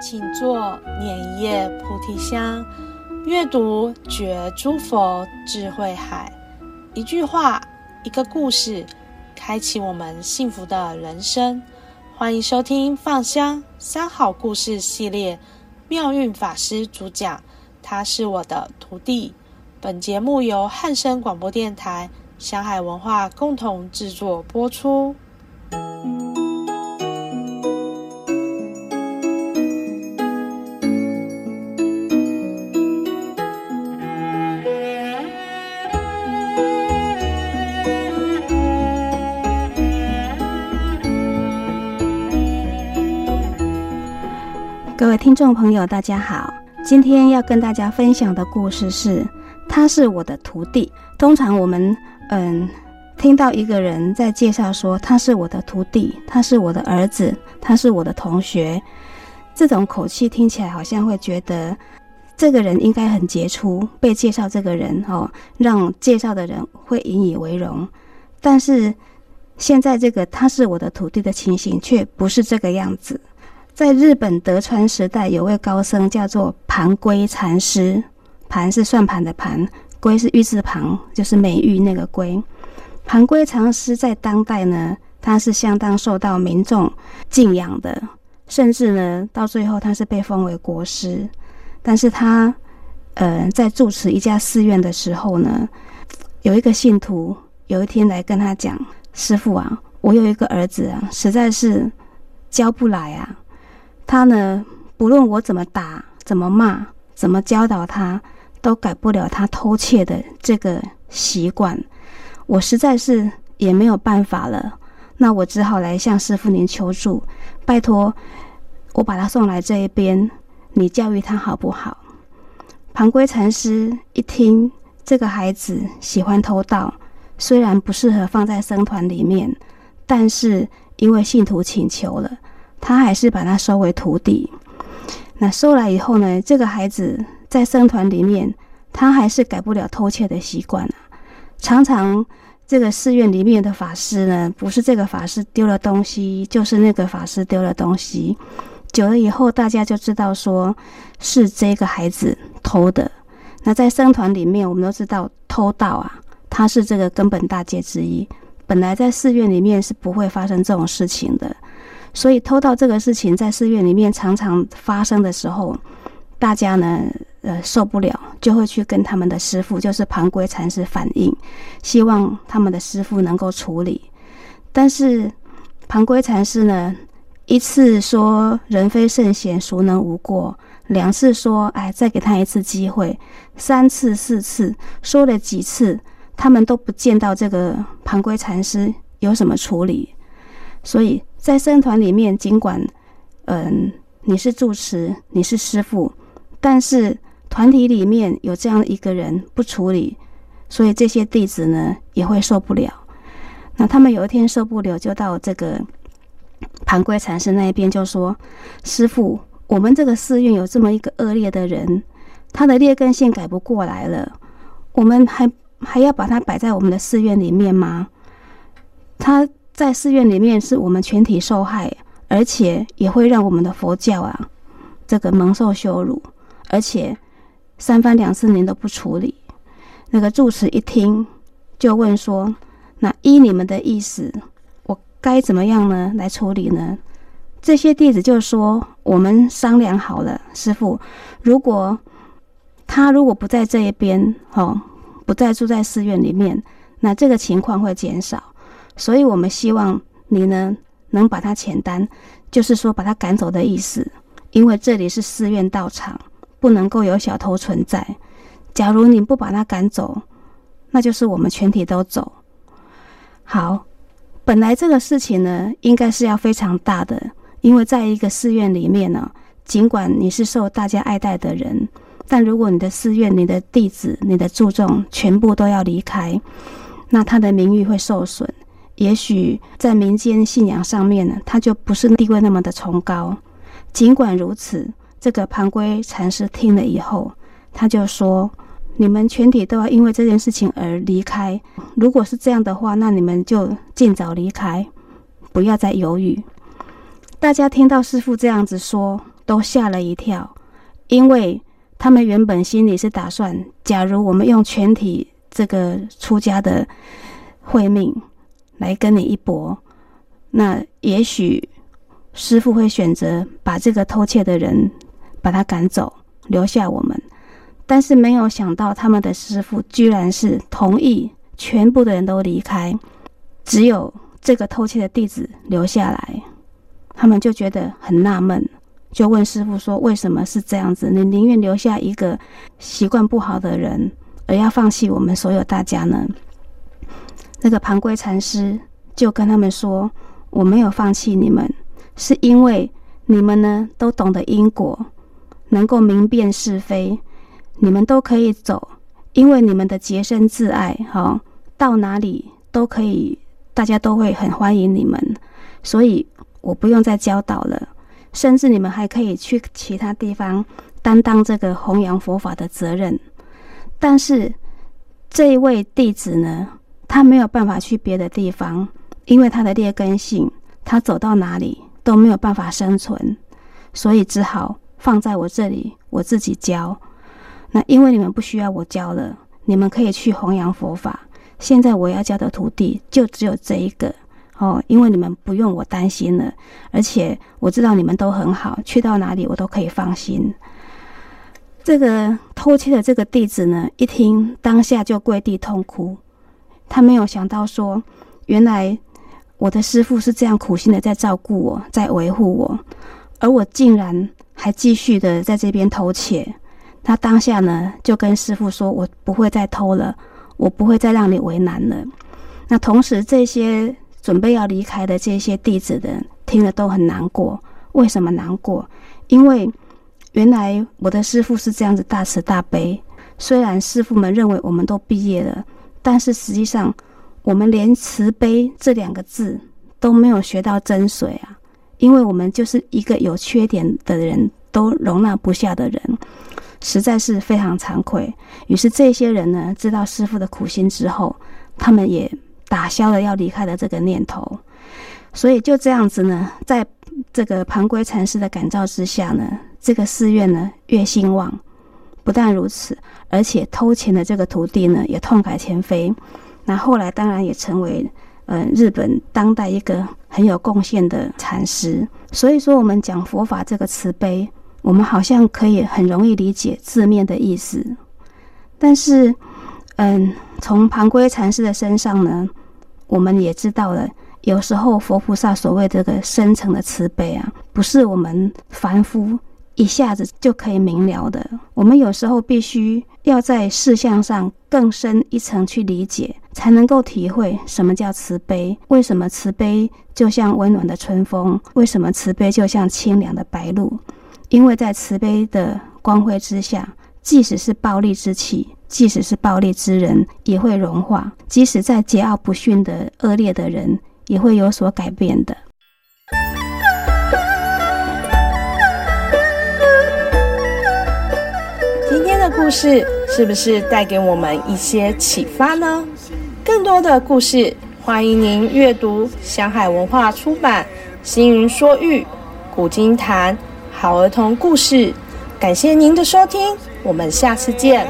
請坐，念一葉菩提香，閱讀覺諸佛智慧海，一句話，一個故事，開啟我們幸福的人生。歡迎收聽《Fun 香三好故事》系列，妙運法師主講，他是我的徒弟。本節目由漢聲廣播電台、香海文化共同制作播出。各位聽眾朋友，大家好。今天要跟大家分享的故事是，他是我的徒弟。通常我們，嗯，聽到一個人在介紹說他是我的徒弟，他是我的兒子，他是我的同學，這種口氣聽起來好像會覺得這個人應該很傑出。被介紹這個人哦，讓介紹的人會引以為榮。但是現在這個他是我的徒弟的情形卻不是這個樣子。在日本德川時代，有位高僧叫做盤珪禪師，盤是算盤的盤，珪是玉字旁，就是美玉那個珪。盤珪禪師在當代呢，他是相當受到民眾敬仰的，甚至呢，到最後他是被封為國師。但是他，呃，在住持一家寺院的時候呢，有一個信徒有一天來跟他講：“師父啊，我有一個兒子啊，實在是教不來啊。”他呢，不論我怎麼打、怎麼罵、怎麼教導他，都改不了他偷竊的這個習慣。我實在是也沒有辦法了，那我只好來向師父您求助。拜託，我把他送來這一邊，你教育他好不好？盤珪禪師一聽，這個孩子喜歡偷盜，雖然不適合放在僧團裡面，但是因為信徒請求了。他還是把他收為徒弟。那收來以後呢，這個孩子在僧團裡面，他還是改不了偷竊的習慣啊。常常這個寺院裡面的法師呢，不是這個法師丟了東西，就是那個法師丟了東西。久了以後，大家就知道說是這個孩子偷的。那在僧團裡面，我們都知道偷盜啊，他是這個根本大戒之一。本來在寺院裡面是不會發生這種事情的。所以偷盜這個事情在寺院裡面常常發生的時候，大家呢，呃，受不了，就會去跟他們的師父，就是盤珪禪師反映，希望他們的師父能夠處理。但是盤珪禪師呢，一次說“人非聖賢，孰能無過”，兩次說“哎，再給他一次機會”，三次、四次，說了幾次，他們都不見到這個盤珪禪師有什麼處理，所以。在僧團裡面，儘管，嗯，你是住持，你是師父，但是團體裡面有這樣一個人不處理，所以這些弟子呢也會受不了。那他們有一天受不了，就到這個盤珪禪師那一邊就說：“師父，我們這個寺院有這麼一個惡劣的人，他的劣根性改不過來了，我們還還要把他擺在我們的寺院裡面嗎？”他。在寺院裡面，是我們全體受害，而且也會讓我們的佛教啊，這個蒙受羞辱，而且三番兩次您都不處理。那個住持一聽，就問說：“那依你們的意思，我該怎麼樣呢？來處理呢？”這些弟子就說：“我們商量好了，師父，如果他如果不在這一邊，哈、哦，不再住在寺院裡面，那這個情況會減少。”所以，我們希望你呢，能把他遣單，就是說把他趕走的意思。因為這裡是寺院道場，不能夠有小偷存在。假如你不把他趕走，那就是我們全體都走。好，本來這個事情呢，應該是要非常大的，因為在一個寺院裡面呢、啊，儘管你是受大家愛戴的人，但如果你的寺院、你的弟子、你的住眾全部都要離開，那他的名譽會受損。也許在民間信仰上面呢，他就不是地位那麼的崇高。儘管如此，這個盤珪禪師聽了以後，他就說：“你們全體都要因為這件事情而離開。如果是這樣的話，那你們就盡早離開，不要再猶豫。”大家聽到師父這樣子說，都嚇了一跳，因為他們原本心裡是打算：假如我們用全體這個出家的慧命。來跟你一搏，那也許師父會選擇把這個偷竊的人把他趕走，留下我們。但是沒有想到，他們的師父居然是同意全部的人都離開，只有這個偷竊的弟子留下來。他們就覺得很納悶，就問師父說：“為什麼是這樣子？你寧願留下一個習慣不好的人，而要放棄我們所有大家呢？”那個盤珪禪師就跟他們說：“我沒有放棄你們，是因為你們呢都懂得因果，能夠明辨是非，你們都可以走，因為你們的潔身自愛，到哪裡都可以，大家都會很歡迎你們。所以我不用再教導了，甚至你們還可以去其他地方擔當這個弘揚佛法的責任。但是這一位弟子呢？”他沒有辦法去別的地方，因為他的劣根性，他走到哪裡都沒有辦法生存，所以只好放在我這裡，我自己教。那因為你們不需要我教了，你們可以去弘揚佛法。現在我要教的徒弟就只有這一個哦，因為你們不用我擔心了，而且我知道你們都很好，去到哪裡我都可以放心。這個偷竊的這個弟子呢，一聽當下就跪地痛哭。他沒有想到說，原來我的師父是這樣苦心的在照顧我，在維護我，而我竟然還繼續的在這邊偷竊。他當下呢，就跟師父說：“我不會再偷了，我不會再讓你為難了。”那同時，這些準備要離開的這些弟子的聽了都很難過。為什麼難過？因為原來我的師父是這樣子大慈大悲，雖然師父們認為我們都畢業了。但是實際上，我們連“慈悲”這兩個字都沒有學到真髓啊！因為我們就是一個有缺點的人都容納不下的人，實在是非常慚愧。於是這些人呢，知道師父的苦心之後，他們也打消了要離開的這個念頭。所以就這樣子呢，在這個盤珪禪師的感召之下呢，這個寺院呢越興旺。不但如此，而且偷錢的這個徒弟呢，也痛改前非。那後來當然也成為，嗯、呃，日本當代一個很有貢獻的禪師。所以說，我們講佛法這個慈悲，我們好像可以很容易理解字面的意思。但是，嗯、呃，從盤珪禪師的身上呢，我們也知道了，有時候佛菩薩所謂這個深層的慈悲啊，不是我們凡夫。一下子就可以明了的。我們有時候必須要在事項上更深一層去理解，才能夠體會什麼叫慈悲。為什麼慈悲就像溫暖的春風？為什麼慈悲就像清涼的白露？因為在慈悲的光輝之下，即使是暴戾之氣，即使是暴戾之人，也會融化；即使再桀驁不馴的惡劣的人，也會有所改變的。故事是不是帶給我們一些啟發呢？更多的故事，歡迎您閱讀香海文化出版《星雲說喻古今譚》好兒童故事。感謝您的收聽，我們下次見。